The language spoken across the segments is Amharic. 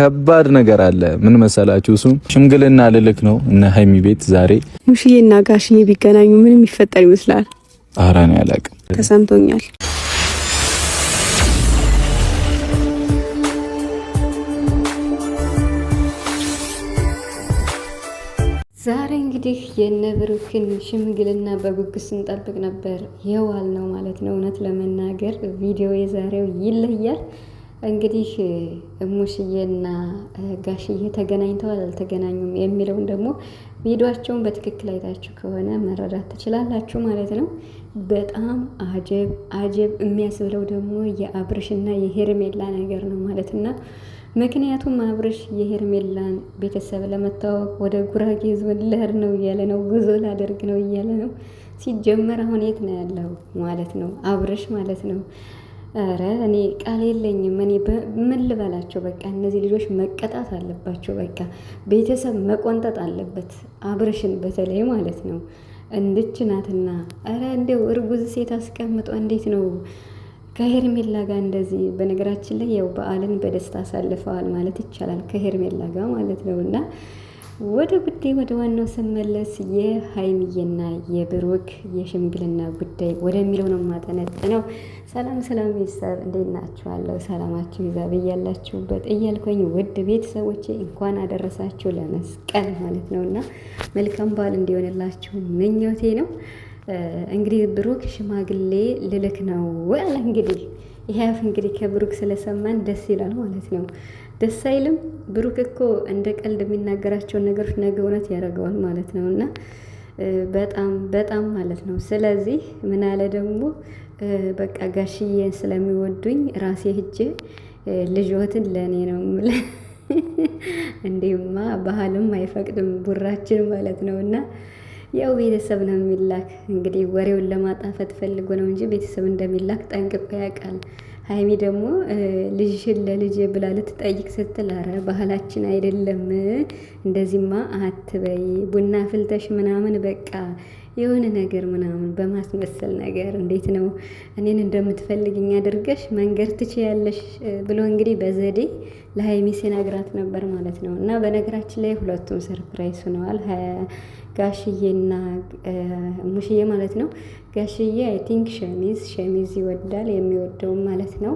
ከባድ ነገር አለ። ምን መሰላችሁ? እሱ ሽምግልና ልልክ ነው እነ ሀይሚ ቤት ዛሬ። ሙሽዬና ጋሽዬ ቢገናኙ ምን የሚፈጠር ይመስላል? ኧረ እኔ አላቅም። ተሰምቶኛል። ዛሬ እንግዲህ የነብሩክን ሽምግልና በጉጉት ስንጠብቅ ነበር የዋል ነው ማለት ነው። እውነት ለመናገር ቪዲዮ የዛሬው ይለያል። እንግዲህ እሙሽዬና ጋሽዬ ተገናኝተዋል አልተገናኙም የሚለውን ደግሞ ቪዲዮቸውን በትክክል አይታችሁ ከሆነ መረዳት ትችላላችሁ ማለት ነው። በጣም አጀብ አጀብ የሚያስብለው ደግሞ የአብርሽና የሄርሜላ ነገር ነው ማለትና ምክንያቱም አብርሽ የሄርሜላን ቤተሰብ ለመታወቅ ወደ ጉራጌ ዞን ልሄድ ነው እያለ ነው፣ ጉዞ ላደርግ ነው እያለ ነው። ሲጀመር አሁን የት ነው ያለው ማለት ነው አብርሽ ማለት ነው። ኧረ እኔ ቃል የለኝም። እኔ ምን ልበላቸው? በቃ እነዚህ ልጆች መቀጣት አለባቸው። በቃ ቤተሰብ መቆንጠጥ አለበት። አብርሽን በተለይ ማለት ነው። እንድች ናትና፣ ኧረ እንደው እርጉዝ ሴት አስቀምጦ እንዴት ነው ከሄርሜላ ጋር እንደዚህ? በነገራችን ላይ ያው በዓልን በደስታ አሳልፈዋል ማለት ይቻላል ከሄርሜላ ጋር ማለት ነው እና ወደ ጉዳይ ወደ ዋናው ስመለስ የሀይሚዬና የብሩክ የሽምግልና ጉዳይ ወደሚለው ነው ነው። ሰላም ሰላም ቤተሰብ እንዴት ናችኋለሁ? ሰላማችሁ ይዛ ብያላችሁበት እያልኩኝ ውድ ቤተሰቦቼ እንኳን አደረሳችሁ ለመስቀል ማለት ነው እና መልካም በዓል እንዲሆንላችሁ ምኞቴ ነው። እንግዲህ ብሩክ ሽማግሌ ልልክ ነው አለ። እንግዲህ ይህ አፍ እንግዲህ ከብሩክ ስለሰማን ደስ ይላል ማለት ነው። ደስ አይልም። ብሩክ እኮ እንደ ቀልድ የሚናገራቸውን ነገሮች ነገ እውነት ያደርገዋል ማለት ነው እና በጣም በጣም ማለት ነው። ስለዚህ ምን አለ ደግሞ በቃ ጋሽዬን ስለሚወዱኝ ራሴ ሂጄ ልጆትን ለእኔ ነው እንዴማ ባህልም አይፈቅድም ቡራችን ማለት ነው እና ያው ቤተሰብ ነው የሚላክ። እንግዲህ ወሬውን ለማጣፈት ፈልጎ ነው እንጂ ቤተሰብ እንደሚላክ ጠንቅቆ ያውቃል። ሀይሚ ደግሞ ልጅሽን ለልጄ ብላ ልትጠይቅ ስትል ባህላችን አይደለም እንደዚህማ አትበይ፣ ቡና ፍልተሽ ምናምን በቃ የሆነ ነገር ምናምን በማስመሰል ነገር እንዴት ነው እኔን እንደምትፈልግኝ አድርገሽ መንገድ ትችያለሽ ብሎ እንግዲህ በዘዴ ለሀይሚ ሲነግራት ነበር ማለት ነው። እና በነገራችን ላይ ሁለቱም ሰርፕራይዝ ሆነዋል። ጋሽዬና ሙሽዬ ማለት ነው። ጋሽዬ አይ ቲንክ ሸሚዝ ሸሚዝ ይወዳል የሚወደውም ማለት ነው።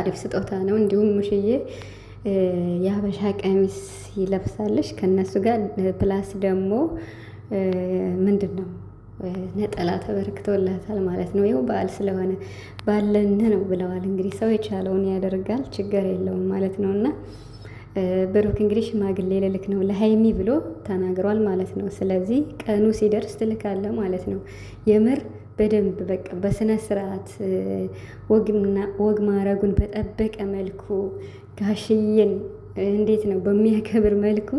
አሪፍ ስጦታ ነው። እንዲሁም ሙሽዬ የሀበሻ ቀሚስ ይለብሳለች ከእነሱ ጋር ፕላስ ደግሞ ምንድን ነው ነጠላ ተበርክቶላታል ማለት ነው። ይኸው በዓል ስለሆነ ባለን ነው ብለዋል። እንግዲህ ሰው የቻለውን ያደርጋል፣ ችግር የለውም ማለት ነው። እና ብሩክ እንግዲህ ሽማግሌ ልልክ ነው ለሀይሚ ብሎ ተናግሯል ማለት ነው። ስለዚህ ቀኑ ሲደርስ ትልካለ ማለት ነው። የምር በደንብ በቃ በስነ ስርዓት ወግ ማረጉን በጠበቀ መልኩ ጋሽዬን እንዴት ነው በሚያከብር መልኩ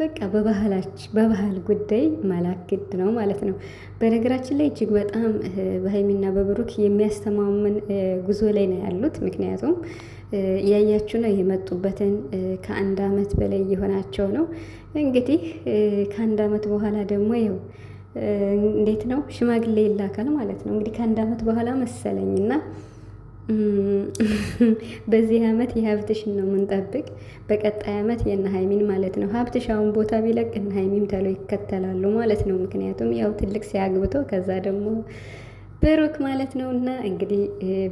በቃ በባህላች በባህል ጉዳይ ማላክድ ነው ማለት ነው። በነገራችን ላይ እጅግ በጣም በሀይሚና በብሩክ የሚያስተማምን ጉዞ ላይ ነው ያሉት። ምክንያቱም እያያችሁ ነው የመጡበትን ከአንድ አመት በላይ የሆናቸው ነው እንግዲህ ከአንድ አመት በኋላ ደግሞ ይኸው እንዴት ነው ሽማግሌ ይላካል ማለት ነው እንግዲህ ከአንድ አመት በኋላ መሰለኝ እና በዚህ አመት የሀብትሽን ነው የምንጠብቅ። በቀጣይ አመት የነ ሀይሚን ማለት ነው። ሀብትሽ አሁን ቦታ ቢለቅ እነ ሀይሚም ተለው ይከተላሉ ማለት ነው። ምክንያቱም ያው ትልቅ ሲያግብተው ከዛ ደግሞ ብሩክ ማለት ነው። እና እንግዲህ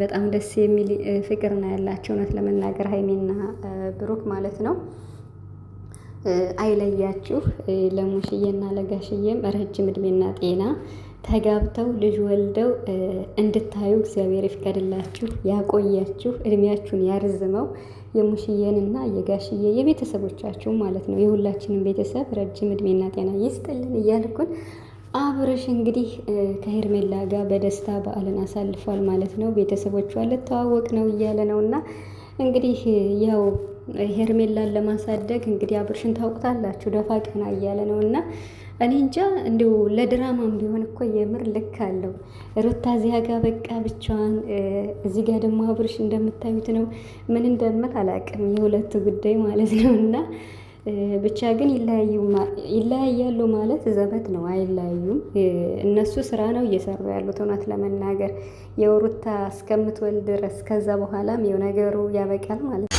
በጣም ደስ የሚል ፍቅር ነው ያላቸው እውነት ለመናገር ሀይሚና ብሩክ ማለት ነው። አይለያችሁ። ለሙሽዬና ለጋሽዬም ረጅም እድሜና ጤና ተጋብተው ልጅ ወልደው እንድታዩ እግዚአብሔር ይፍቀድላችሁ፣ ያቆያችሁ፣ እድሜያችሁን ያርዝመው። የሙሽዬን ና የጋሽዬ የቤተሰቦቻችሁ ማለት ነው የሁላችንም ቤተሰብ ረጅም እድሜና ጤና ይስጥልን እያልኩን አብርሽ እንግዲህ ከሄርሜላ ጋር በደስታ በዓልን አሳልፏል ማለት ነው። ቤተሰቦቿ ልተዋወቅ ነው እያለ ነው እና እንግዲህ ያው ሄርሜላን ለማሳደግ እንግዲህ አብርሽን ታውቁታላችሁ፣ ደፋ ቀና እያለ ነው እና እኔ እንጃ እንዲሁ ለድራማም ቢሆን እኮ የምር ልክ አለው። ሩታ እዚያ ጋ በቃ ብቻዋን፣ እዚህ ጋ ደግሞ አብርሽ እንደምታዩት ነው። ምን እንደምል አላውቅም፣ የሁለቱ ጉዳይ ማለት ነው። እና ብቻ ግን ይለያያሉ ማለት ዘበት ነው፣ አይለያዩም። እነሱ ስራ ነው እየሰሩ ያሉት እውነት ለመናገር የሩታ እስከምትወልድ ድረስ። ከዛ በኋላም የው ነገሩ ያበቃል ማለት ነው።